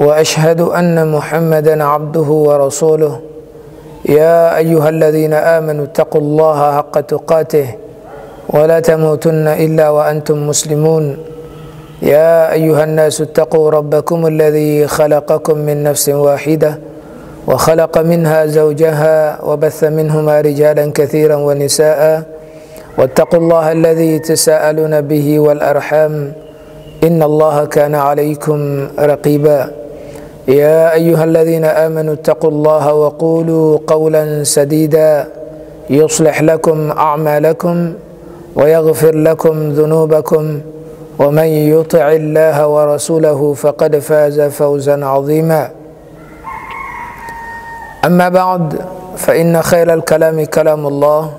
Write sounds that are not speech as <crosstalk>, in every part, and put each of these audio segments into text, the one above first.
واشهد ان محمدا عبده ورسوله يا ايها الذين امنوا اتقوا الله حق تقاته ولا تموتن الا وانتم مسلمون يا ايها الناس اتقوا ربكم الذي خلقكم من نفس واحده وخلق منها زوجها وبث منهما رجالا كثيرا ونساء واتقوا الله الذي تساءلون به والارحام ان الله كان عليكم رقيبا يا ايها الذين امنوا اتقوا الله وقولوا قولا سديدا يصلح لكم اعمالكم ويغفر لكم ذنوبكم ومن يطع الله ورسوله فقد فاز فوزا عظيما اما بعد فان خير الكلام كلام الله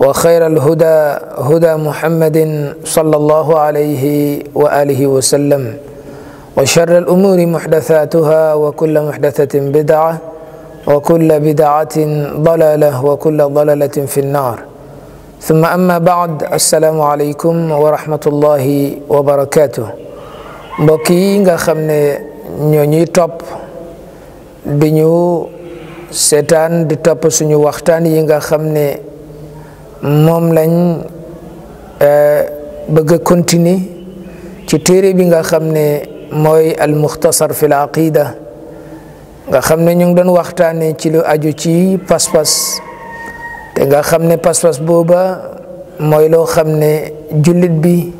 وخير الهدى هدى محمد صلى الله عليه واله وسلم وشر الأمور محدثاتها وكل محدثة بدعة وكل بدعة ضلالة وكل ضلالة في النار ثم أما بعد السلام عليكم ورحمة الله وبركاته بكي خمنا نيوني توب دنيو seetaan di topp suñu waxtaan yi nga xam ne moom lañ bëgg a continuer ci téere mooy almuxtasar fi l aqida nga xamne ñu ngi doon waxtane ci lu aju ci pass pass te nga xamne pass pass boba moy lo xamne julit bi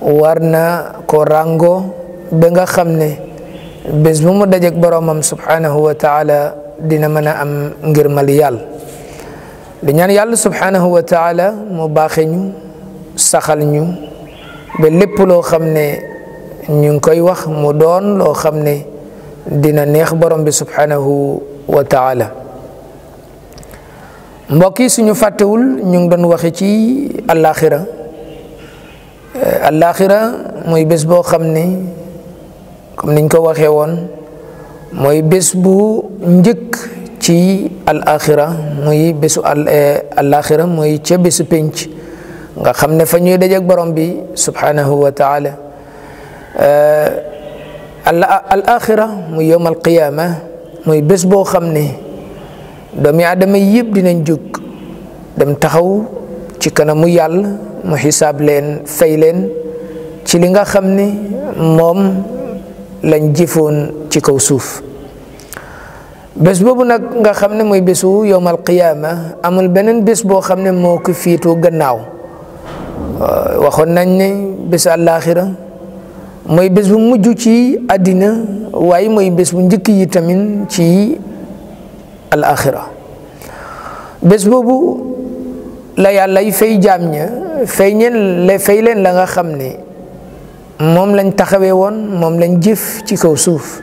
warna ko rango ba nga xamne bés bu mu dajje dajeek boromam subhanahu wa taala dina mën am ngir mal yal di ñaan yàlla subhanahu wa taala mu baxé ñu saxal ñu ba lépp lo xamne ñu ngi koy wax mu doon loo xam ne dina neex borom bi subhanahu wa taala mbokk yi suñu fàttewul ñu ngi doon waxe ci àllaaxira eh, àllaaxira mooy bés boo xam ne comme niñ ko waxee woon mooy bés bu njëkk ci àllaaxira muy bésu eh, àllaaxira mooy ca bésu pénc nga xam ne fa ñuy dajeek borom bi subhanahu wa Euh, al axira mu yowm al qiyaama muy bés boo xam ne doomi aadama yëpp dinañ jóg dem taxaw ci kanamu yàlla mu xisaab leen fay leen ci li nga xam ne moom lañ jëfoon ci kaw suuf bés boobu nag nga xam ne mooy bésu yowmal qiyaama amul beneen bés boo xam ne moo ko fiitu gannaaw euh, waxoon nañ ne bés àllaaxira mooy bés bu mujj ci àddina waaye mooy bés bu njëkk yi tamit ci alaaxira bés boobu la yàllay fay jaam ña fay ñeen la fay leen la nga xam ne moom lañ taxawee woon moom lañ jëf ci kaw suuf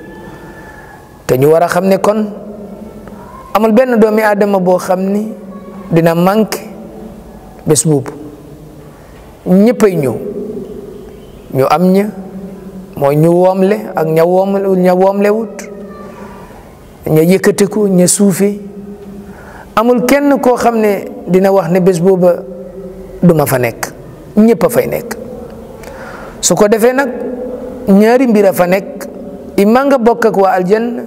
te ñu war a xam ne kon amul benn doomi adama boo xam ni dina manqué bés boobu ñëppay ñëw ñu am ña moy ñu le ak ña le wut woomlewut ña ko ñe suufe amul kenn ko xamne ne dina wax ne bes boba duma fa nek ñepp a fay nekk su ko defee nak ñaari mbira fa nekk imma nga bokk ak wa aljanna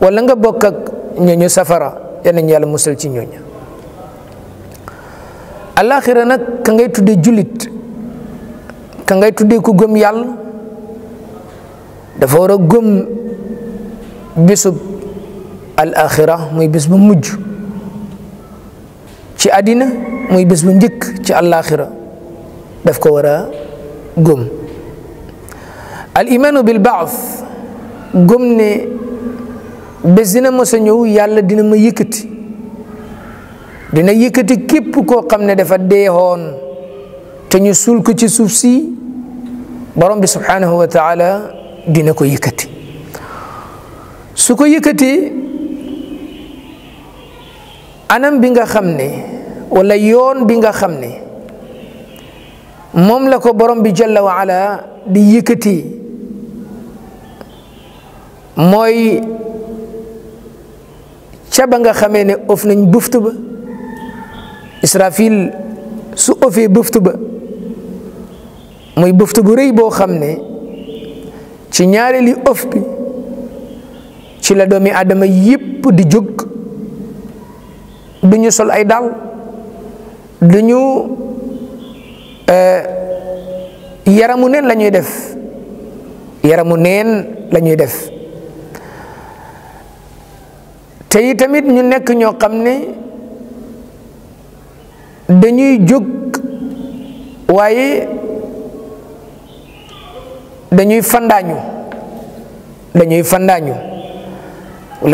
wala nga bokk ak ñu safara yanañ yalla musul ci ka ngay tuddé julit ka ngay tuddé ku gëm yalla dafa war a gëm bisub al muy bis bu mujj ci àddina muy bis bu njëkk ci alaxira daf ko war a gëm al imaanu bil baas gëm ne bés dina mos a ñëw yàlla dina ma yëkkati dina yëkkati képp koo xam ne dafa deexoon te ñu suul ko ci suuf si borom bi subhanahu wa taala dina ko yëkkati su ko yëkkatee anam bi nga xam ne wala yoon bi nga xam ne moom la ko borom bi jalla wa ala di yëkkati mooy ca ba nga xamee ne of nañ bëft ba israfil su ofee bëft ba mooy bëft bu boo xam ne ci ñaareelu ëf ci la doomi aadama yépp di jóg du ñu sol ay dàll du ñu eh, yaramu neen la def yaramu neen lañuy def te tamit ñu nekk ñoo xam ne dañuy jóg waaye dañuy fandaañu dañuy fandaañu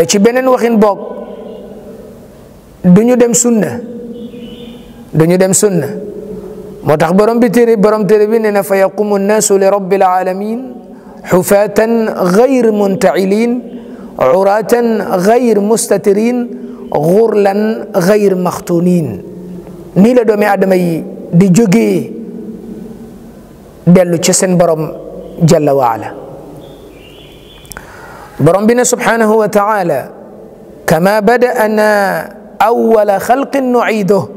ci beneen waxin boog du dem sunna du dem sunna moo tax borom bi téere borom téere bi nee fa yaqumu nnaasu li rabbil alamin xufaatan gayr muntailin curaatan gayr mustatirin gurlan gayr maxtunin nii la doomi aadama yi di jógee dellu ci seen borom jalla wa ala borom bi ne subhanahu wa taala kama bada'na awwala na nu'iiduhu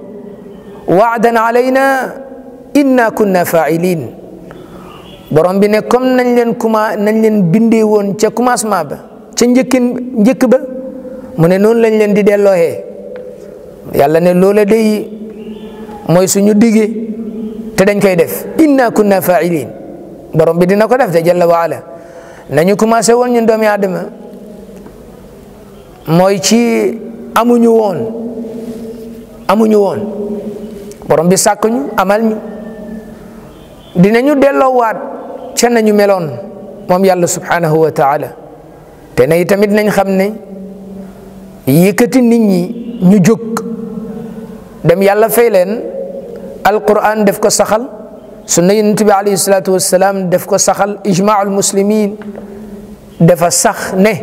waadan alayna inna kunna fa'ilin borom bi ne nañ leen kuma nañ leen bindee woon ca commencement ba ca njëkkin njëkk ba mu ne noonu lañ leen di delloohee yàlla ne loola day mooy suñu digee te dañ koy def inna kunna fa'ilin borom bi dina ko def te jalla wa nañu commencé won ñun doomi adama moy ci amuñu won amuñu won borom bi sakku amal ñu dinañu delo wat ci nañu melon mom yalla ya subhanahu wa ta'ala te nay tamit nañ xamne yëkëti nit ñi ñu jog dem yalla fay alquran def ko saxal سنة النبي عليه الصلاة والسلام دفكو سخل إجماع المسلمين دفا سخ نه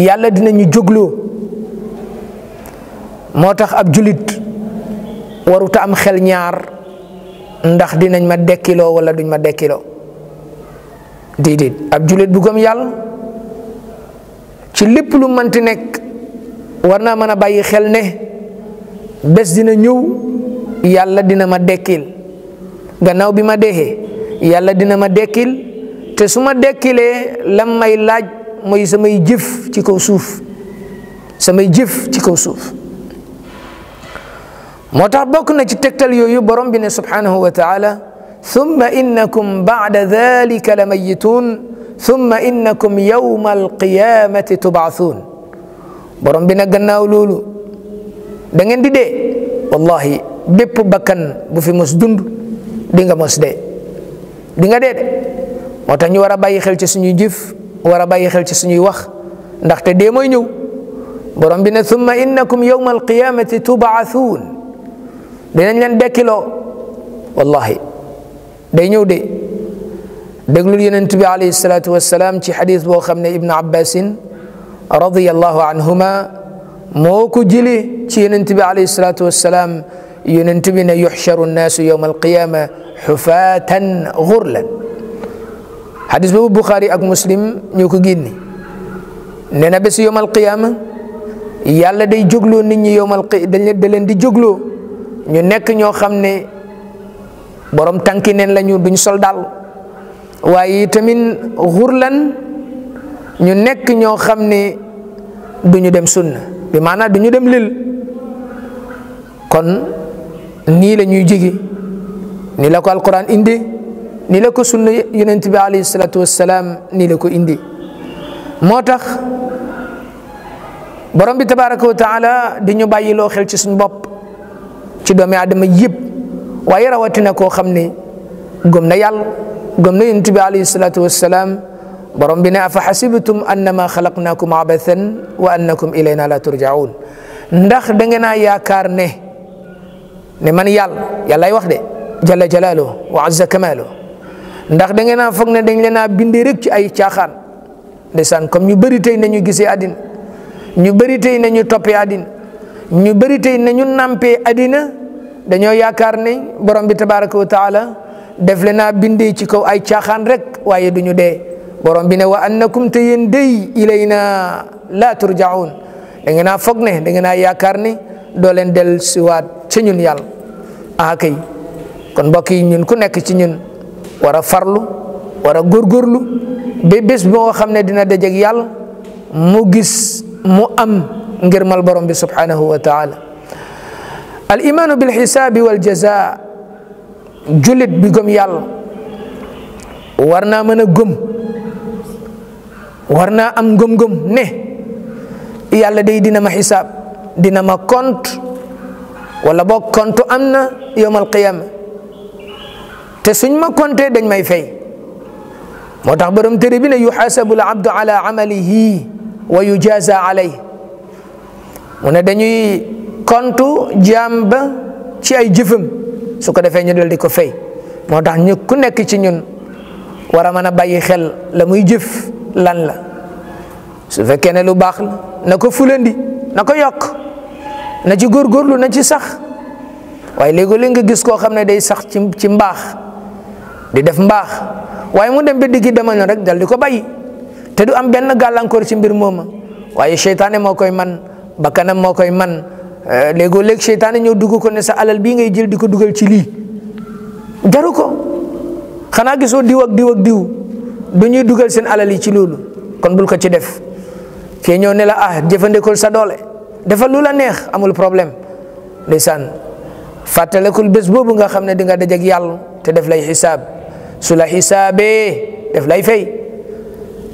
يالا دينا ني جوغلو موتاخ اب جوليت وارو تا ام خيل ñar ndax dinañ ma dekilo wala duñ ما dekilo ديديد اب جوليت بو گم يال ci lepp lu manti nek warna mana bayyi xel ne bes dina ñew yalla dina gannaaw bi ma deexee yàlla dina ma dekkil te su ma dekkilee lam may laaj mooy samay jëf ci kaw suuf samay jëf ci kaw suuf moo tax bokk na ci tegtal yooyu borom bi ne subhanahu wa taala ثم إنكم بعد ذلك لميتون ثم إنكم يوم القيامة تبعثون borom bi nag gannaaw loolu da ngeen di dee wallahi bépp bakan bu fi mos dund di nga mos de di nga dee de moo ñu wara bàyyi xel ci suñuy jëf wara bàyyi xel ci suñuy wax ndax te de moy ñëw borom bi ne thumma innakum yawm alqiyamati tubaathun dinañ leen bekilo wallahi day ñëw de déglul yonent bi alayhi salatu wasalaam ci hadith bo xamne ibn abbas radiyallahu anhuma moko jili jëli ci yonent bi alayhi salatu wasalaam yonentumina yuhsyaru nasu yaumal qiyamah hufatan ghurlan hadis boobu bukhari ak muslim ñoo ko génne nee na bés yaumal qiyama yàlla day jógloo nit ñi yaumal di juglu. ñu nekk ñoo xam ne borom tànki neen lañu duñ sol daal waaye tamit ghurlan ñu nekk sunna bi lil kon ni la ñuy jege ni la ko alquran indi ni la ko sunna yonent bi alayhi salatu wassalam ni la ko indi motax borom bi tabaaraku taala di ñu bayyi lo xel ci suñu bop ci doomi adama yeb waye rawati na ko ne gum na yàlla gum na yonent bi alayhi salatu wassalam borom bi ne afa hasibtum annama khalaqnakum abathan wa annakum ilayna la turjaun ndax da nga na yaakaar ne ne man yàlla yàllaay wax de jalla jalaalu wa azza kamaalu ndax da ngeen a foog ne dañ leen a bindee rek ci ay caaxaan ndeysaan comme ñu bëri tey nañu gise àddina ñu bëri tey nañu toppe àddina ñu bëri na nañu nampee àddina dañoo yaakaar ne borom bi tabaraka wa taala def leen a bindee ci kaw ay caaxaan rek waaye du ñu dee borom bi ne wa annakum te yéen ilayna laa turjaun da na a foog ne do len del wat ci ñun yàlla ah kon mbokk yi ñun ku nekk ci ñun wara farlu wara a góorgóorlu ba bés dina dajeeg mu gis mu am mal borom bi subhanahu wa taala al imanu bil hisab wal jaza julit bi gum warna warna meuna gum warna am gum gum ne yalla day dina ma hisab dina ma compte wala boog compte am na yowmal qiyama te suñ ma compté dañ may fay moo tax borom téere bi ne yuxaasabu labdu ala amalihi wa yujaza alayhi mu ne dañuy compte jaam ba ci ay jëfam su ko defee ñu dool di ko fay moo tax ñu ku nekk ci ñun war a mën a bàyyi xel la muy jëf lan la su fekkee ne lu baax la na ko fulandi na ko yokk na ci lu na ci sax waaye léegoo léegi nga gis ko xamne day sax ci ci mbax di def mbax waaye mu dem be digi dama rek dal di ko bàyyi te du am ben galankor ci mbir moma waye seytaane mo koy man bakkanam mo koy man eh, léegoo leg seytaane ñu dugg ko ne sa alal bi ngay jël diko duggal ci li jaru ko xanaa gisoo diw ak diw ak diw du ñuy dugal seen alal yi ci lolu kon bul ko ci def ke ne la ah jëfandikul sa doole defal lula neex amul problème desan. fàttalekul bes boobu nga xamne di nga ak yalla te def lay hisab su hisabe def lay fay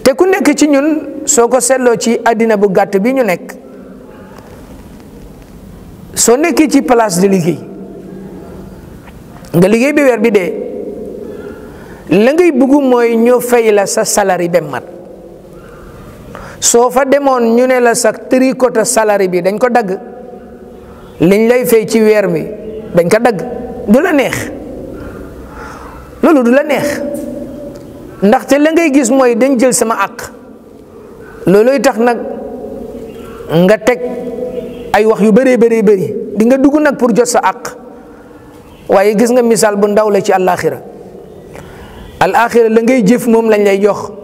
te ku nek ci ñun soko ko ci adina bu gatt bi ñu nek so nek ci place de ligue nga ligue bi wer bi de la ngay bëgg moy fay la sa salari bem mat soo fa demoon ñu ne la sax tricoté salari bi dañ ko dagg liñ lay fay ci weer mi dañ ko dagg du la neex loolu du la neex ndaxte la ngay gis mooy dañ jël sama àq looloy tax nag nga teg ay wax yu bëree bëree bëri di nga dugg nag pour jot sa àq waaye gis nga misaal bu ndaw la ci àllaaxira àllaaxira la ngay jëf moom lañ lay jox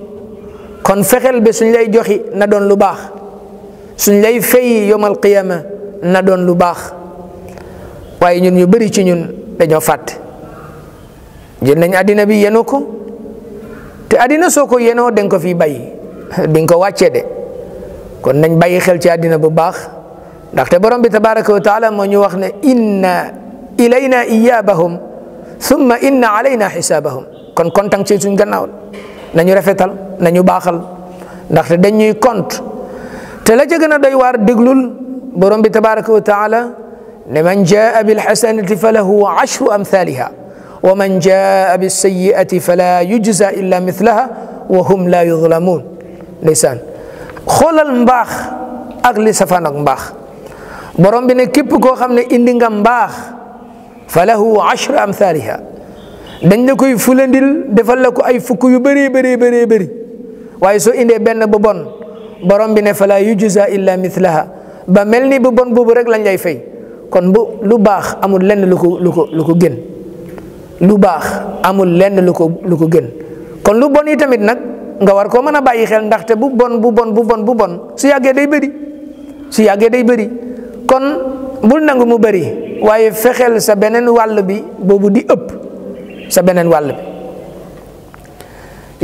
kon fexel be suñ lay joxi na don lu bax suñ lay fay yomal qiyamah na don lu bax waye ñun ñu bari ci ñun dañu fat jël nañ adina bi yenoo ko te adina soko yeno yenoo ko fi ko wacce de kon nañ bayyi xel ci adina bu ndax te borom bi tabaaraku taala mo ñu wax ne inna ilayna iyabahum thumma inna alayna hisabahum kon kontang ci suñu gannaaw nañu rafetal nañu baxal ndax dañ ñuy compte te la ca gën doy war déglul borom bi tabaaraku wa taala ne man jaa bil hasanati falahu ashru amthaliha wa man jaa bis bisayiati fala yujza illa mithlaha wa hum la yuzlamun lisan xolal mbax ak li safan ak mbax borom bi ne kep ko xamne indi nga mbax falahu ashru amthaliha dañ la koy fulandil defal la ko ay fukk yu bëree bëree bëree bëri waye su inde ben bu bon borom bi ne fala yujza illa mithlaha ba melni ni bu bon bubu rek lañ lay fay kon bu lu bax amul len lu ko lu ko lu ko lu bax amul len lu ko lu ko kon lu bon yi tamit nag nga war ko meuna a xel ndax te bu bon bu bon bu bon bu bon su yagge day beuri su yagge day beuri kon bul nangu mu beuri waye fexel sa benen wàll bi bobu di ëpp sa benen wàll bi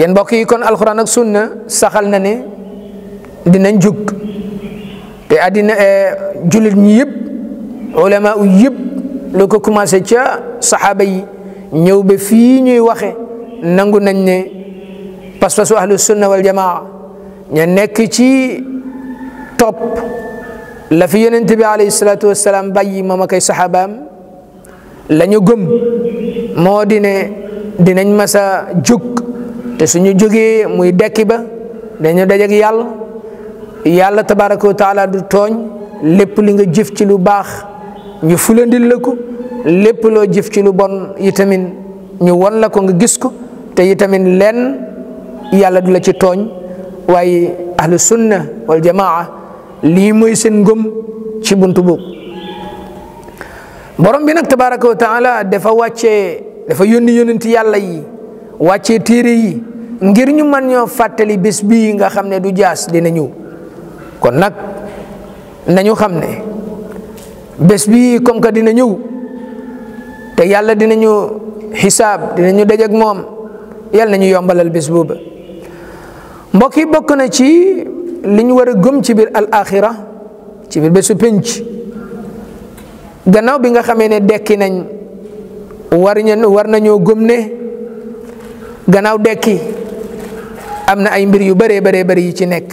yéen mbokk yi kon alxuraan ak sunna saxal na ne dinañ jug te àddina eh, jullit ñi yëpp ulama u yëpp lu ko commencé ca saxaaba yi ñëw ba fii ñuy waxe nangu nañ ne pas-pasu ahlu sunna wal ña nekk ci topp la fi yonent bi alayhi salaatu wassalaam bàyyi moom ak ay saxaabaam la ñu gëm moo di ne dinañ mas a jug te suñu jógee muy dekki ba dañu dajeg yàlla yàlla tabaraka wa taala du tooñ lépp li nga jëf ci lu baax ñu fulandil la ko lépp loo jëf ci lu bon yi tamit ñu won la ko nga gis ko te yi tamit lenn yàlla du la ci tooñ waaye ahlu sunna wal jamaa lii mooy seen ngëm ci buntu boobu borom bi nag tabaraka wa taala dafa wàccee dafa yónni yónnenti yàlla yi wàccee téere yi ngir ñu mën ñoo fàttali bés bii nga xam ne du jaas dina ñëw kon nag nañu xam ne bés bii comme que dina ñëw te yàlla dina ñu xisaab dina ñu dajeek moom yàlla nañu yombalal bés boobu mbokk bokk na ci li ñu war a gëm ci biir al axira ci bésu pénc gannaaw bi nga xamee ne dekki nañ war war nañoo gëm ne gannaaw dekki am na ay mbir yu bëree bëree bëri yi ci nekk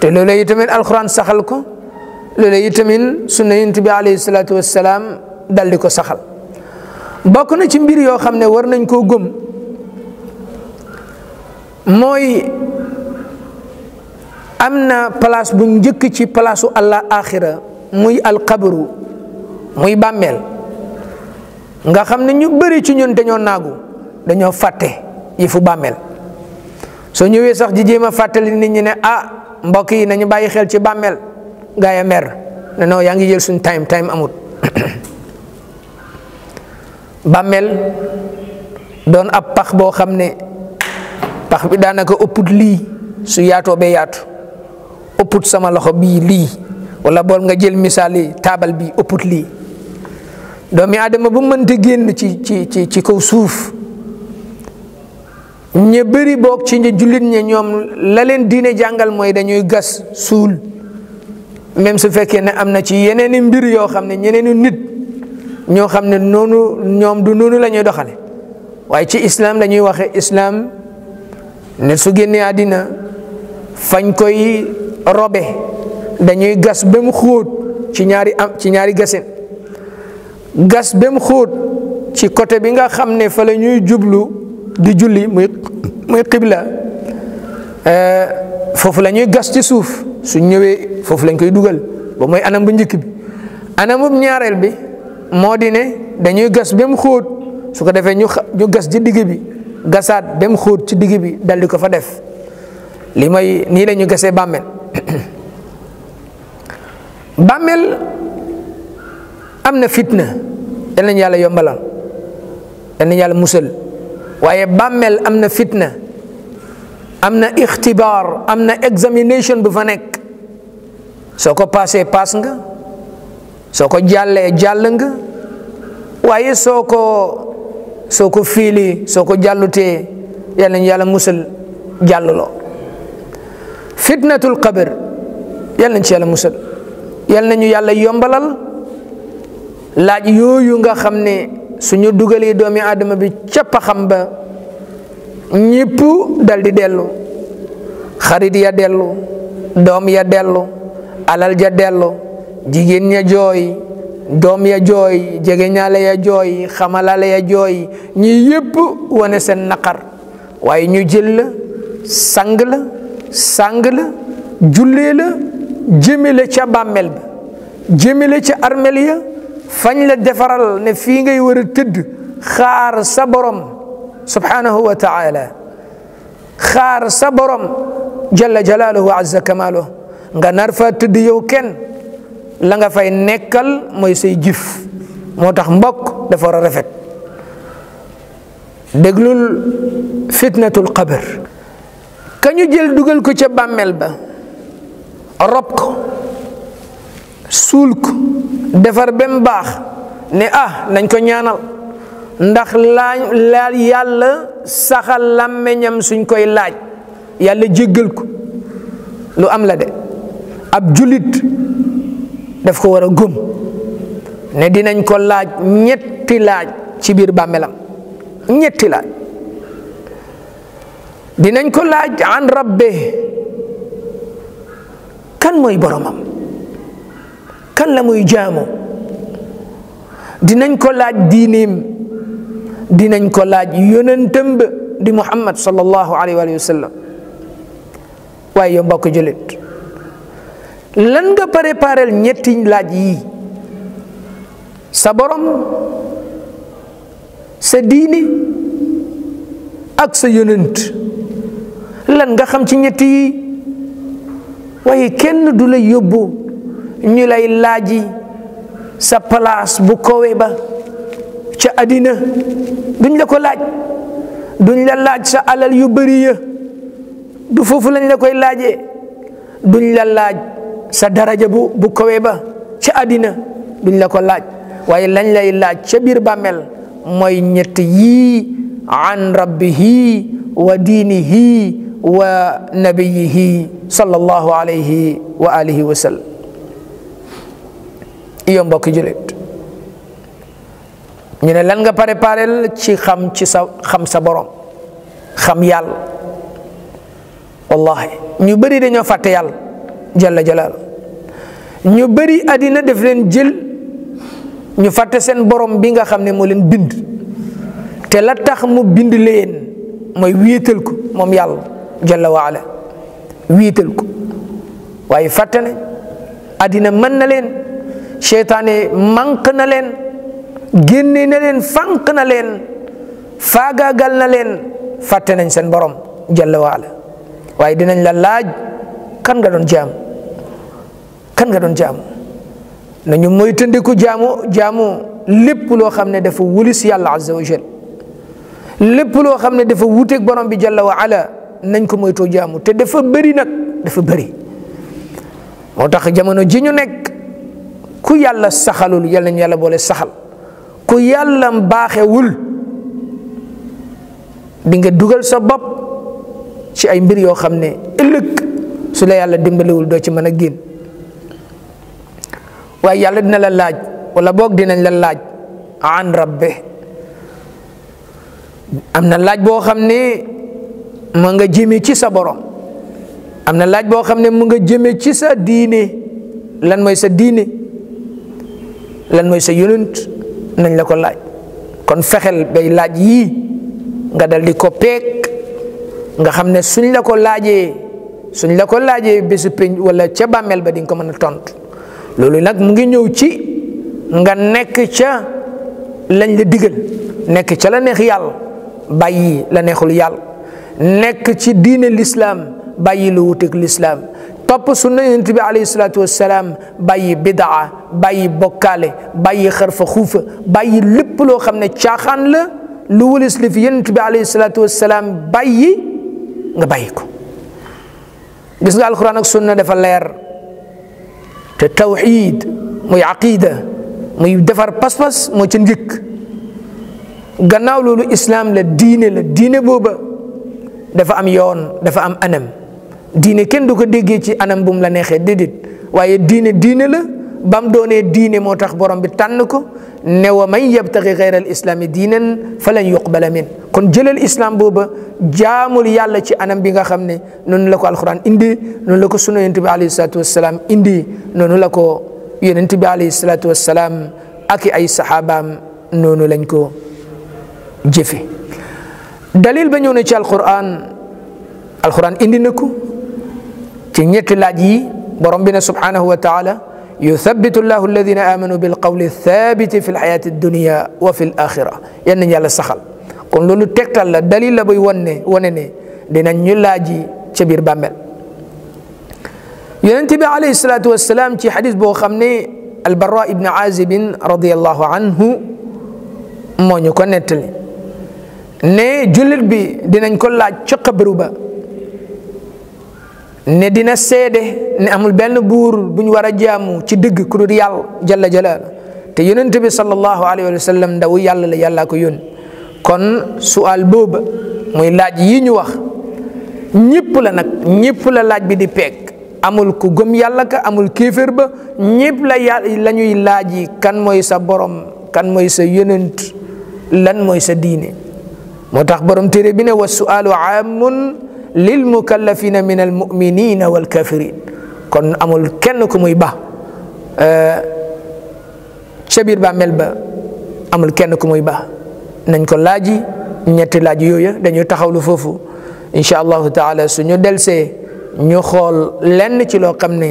te loolu yi tamit alxuraan saxal ko loolu yi tamit sunna yonent bi alayhi salaatu wassalaam dal ko saxal bokk na ci mbir yoo xam ne war nañ koo gëm mooy am na palaas bu njëkk ci palaasu allah axira muy alxabru muy bàmmeel nga xam ne ñu bëri ci ñun dañoo naagu dañoo fàtte yi fu bàmmeel so ñewé sax ji jéem fatali nit ñi né ah mbokk yi nañu bayyi xel ci bammel gaa ya mer né no yaangi jël suñ time time amut <clears throat> bammel don ab pax bo xamné ne pax bi daanaka upput li su yaato be yaatu upput sama loxo bi li wala bol nga jël misali tabal bi ëpput li domi adama bu mënta génn ci ci ci ci ko suuf ñu bëri boog ci ñi jullit ñi ñoom la leen diine jàngal mooy dañuy gas suul même su fekkee ne am na ci yeneen i mbir yoo xam ne ñeneen nit ñoo xam ne noonu ñoom du noonu lañuy doxale waaye ci islam la ñuy waxee islam ne su génnee àddina fañ koy robe dañuy gas ba xóot ci ñaari am ci ñaari gasin gas ba xóot ci côté bi nga xam ne fa la ñuy jublu. di julli muy muy xibla eh, foofu la ñuy gas ci suuf su ñëwee foofu lañ koy dugal ba mooy anam bu njëkk bi anamub ñaareel bi moo di ne dañuy gas ba mu xóot su ko defee ñu gas ci digg bi gasaat ba mu xóot ci digg bi dal di ko fa def lii may nii la gasee bàmmeel <coughs> bàmmeel am na fitna yal yàlla yombalal yal yàlla musal waaye bàmmeel am na fitna am na ixtibaar am na examination bu fa nekk soo ko paasee paas nga soo ko jàllee jàll waaye soo ko soo ko fiili soo ko jàllutee yàlla yàlla musal jàlluloo fitnatul qabr yàlla nañ ci yàlla musal yàlla nañu yàlla yombalal laaj yooyu nga xam ne suñu dugalee doomi aadama bi ca paxam ba ñépp dal di dellu xarit ya dellu doom ya dellu alal ja dellu jigéen ña jooy doom ya jooy jegeñaale ya jooy xamalaale ya jooy ñi yépp wane seen naqar waaye ñu jël la sang la sang la jullee la jëme la ca bàmmeel ba jëme la ca armeel ya fañ la defaral ne fii ngay war a tëdd xaar sa borom subhanahu wa taala xaar sa borom jalla jalaaluhu azza kamaaluhu nga nar fa tëdd yow kenn la nga fay nekkal mooy say jif moo tax mbokk dafa war a rafet déglul fitnatul qabr kañu jël dugal ko ca bàmmeel ba rob ko defar ba mu baax ne ah nañ ko ñaanal ndax laaj yàlla saxal làmmeñam suñ koy laaj yàlla jéggal ko lu am la de ab julit daf ko war a gëm ne dinañ ko laaj ñetti laaj ci biir bàmmelam ñetti laaj dinañ ko laaj an rabbe kan mooy boromam kan la muy jaamu dinañ ko laaj diineem dinañ ko laaj yonentam ba di muhammad sallallahu alayhi wa sallam waaye yow mbokk jullit lan nga préparel ñetti laaj yi sa borom sa diine ak sa yonent lan nga xam ci ñetti yii waaye kenn du la yóbbu ñu lay laaji sa palaas bu kowe ba ca àddina duñ la ko laaj duñ la laaj sa alal yu bëri ya du foofu lañ la koy laajee duñ la laaj sa daraja bu bu ba ca àddina duñ la ko laaj waaye lañ lay laaj ca biir bàmmeel mooy ñett yii an rabbihi wa diinihi wa nabiyihi sallallahu alayhi wa alihi wa sallam yow mbokki jullit ñu ne lan nga préparel ci xam ci sa xam sa borom xam yàlla wallahi ñu bëri dañoo fàtte yàlla jalla jalaal ñu bari àddina def leen jël ñu fàtte seen borom bi nga xam ne moo leen bind te la tax mu bind leen mooy wéetal ko moom yàlla jalla waala wéetal ko waaye fàtte nañ àddina mën na leen seytaane manq na leen génne na leen fànq leen faagaagal na leen fàtte nañ seen borom jalla waala waaye dinañ la laaj kan nga doon jaam kan nga doon jaamu nañu moytandiku jaamu jaamu lépp loo xam ne dafa wulis yàlla azza wa lépp loo xam ne dafa wuteeg borom bi jalla wa ala nañ ko moytoo jaamu te dafa bëri nag dafa bëri moo tax jamono ji ñu nekk ku yàlla saxalul yal nañu yàlla boole saxal ku yàlla baaxewul di nga dugal sa bopp ci ay mbir yoo xam ne ëllëg su la yàlla dimbalewul doo ci mën a génn waaye yàlla dina la laaj wala boog dinañ la laaj an rabbe am na laaj boo xam ne mu nga jëmee ci sa borom am na laaj boo xam ne mu nga jëmee ci sa diine lan mooy sa diine lan mooy sa yonent nañ la ko laaj kon fexel bay laaj yi nga daldi ko peek nga xam ne suñ la ko laajee suñ la ko laajee bésu pénc wala ca bàmmeel ba dinga ko mën a tont loolu nag mu ngi ñëw ci nga nekk ca lañ la digal nekk ca la neex yàlla bàyyi la neexul yàlla nekk ci diine lislaam bàyyi lu wuteeg lislaam topp sunna yonent bi alayhi salaatu wassalaam bàyyi bidaa bàyyi bokkaale bàyyi xarfa xuufa bàyyi lépp loo xam ne caaxaan la lu wëlis li fi yonent bi alayhi salaatu wassalaam bàyyi nga bàyyi ko gis nga alquran ak sunna dafa leer te tawxid muy aqida muy defar pas-pas moo ca njëkk gannaaw loolu islaam la diine la diine booba dafa am yoon dafa am anam diine kenn du ko déggee ci anam bu la neexee déedéet waaye diine diine la bam doonee diine moo tax borom bi tànn ko ne wa man yabtaxi gayra al islaami diinan falan yuqbala min kon jëlal islam booba jaamul yàlla ci anam bi nga xam ne noonu la ko alquran indi noonu la ko sunu yonent bi indi noonu la ko yonent bi alayhi salatu wasalaam ak ay saxaabaam noonu lañ ko jëfe dalil ba ñëw na ci alquran alquran indi na ko ci لاجي laaj سبحانه وتعالى يثبت الله الذين آمنوا بالقول الثابت في الحياة الدنيا وفي الآخرة ين يعني يالا سخل كون لولو تكتال دليل لا بوي وني ونني دينا ني لاجي ci bir bammel ينتبه عليه الصلاة والسلام في حديث بو خمني البراء بن عازب رضي الله عنه مو نيو كو نتلي ني جولت بي دينا نكو لاج ci qabru ne dina seede ne amul benn buur bu ñu war a jaamu ci dëgg ku dul yàlla jalla jalaal te yonent bi sallallahu alayhi wa sallam ndawu yàlla la yàllaa ko yónni kon sual booba muy laaj yi ñu wax ñëpp la nag ñëpp la laaj bi di peeg amul ku gëm yàlla ka amul kéefér ba ñëpp la yàlla la ñuy laaj yi kan mooy sa borom kan mooy sa yonent lan mooy sa diine moo tax borom téere bi ne wa sualu amun lil mukallafina min al muminina wal kafirin kon amul kenn ku muy ba eh, ca biir bàmmeel ba amul kenn ku muy ba nañ ko laaji ñetti laaj yooyu dañuy taxawlu foofu incha allahu taala suñu delsee ñu xool lenn ci loo xam ne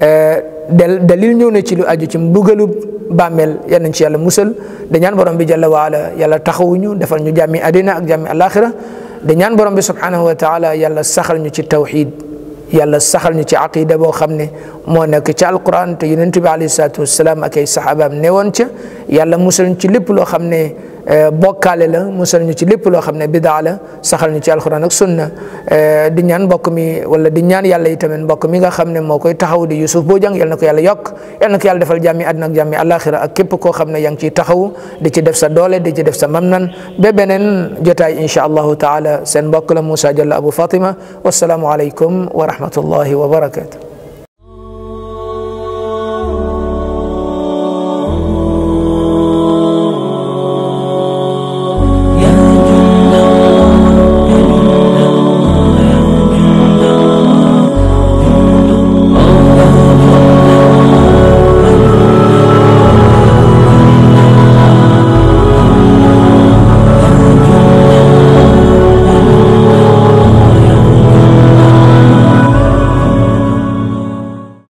eh, del dalil ñëw na ci lu aju ci mbugalub bàmmeel yal nañ ci yàlla musal dañaan borom bi jalla waala yàlla ñu defal ñu jàmmi àddina ak jàmmi alaaxira دنيان برم سبحانه وتعالى يلا سخل نيتي توحيد يلا سخل نيتي عقيدة بو خمني مو نك القران تي ننتبي عليه الصلاه والسلام اكي صحابه نيونتي يلا مسلم تي لب خمني bokale la musal ñu ci lépp lo xamne bida la saxal ñu ci alxuraan ak sunna di ñaan mbokk mi wala di ñaan yàlla itamit mbokk mi nga xamne mo koy taxaw di yusuf bo jang yalla nako yàlla yok yalla nako yàlla defal jami adna ak jami alakhirah ak kep ko xamne yang ci taxaw di ci def sa doole di ci def sa mamnan be benen jotay insha allah taala sen mbokk la musa jalla abu Fatima alaykum wa rahmatullahi wa barakatuh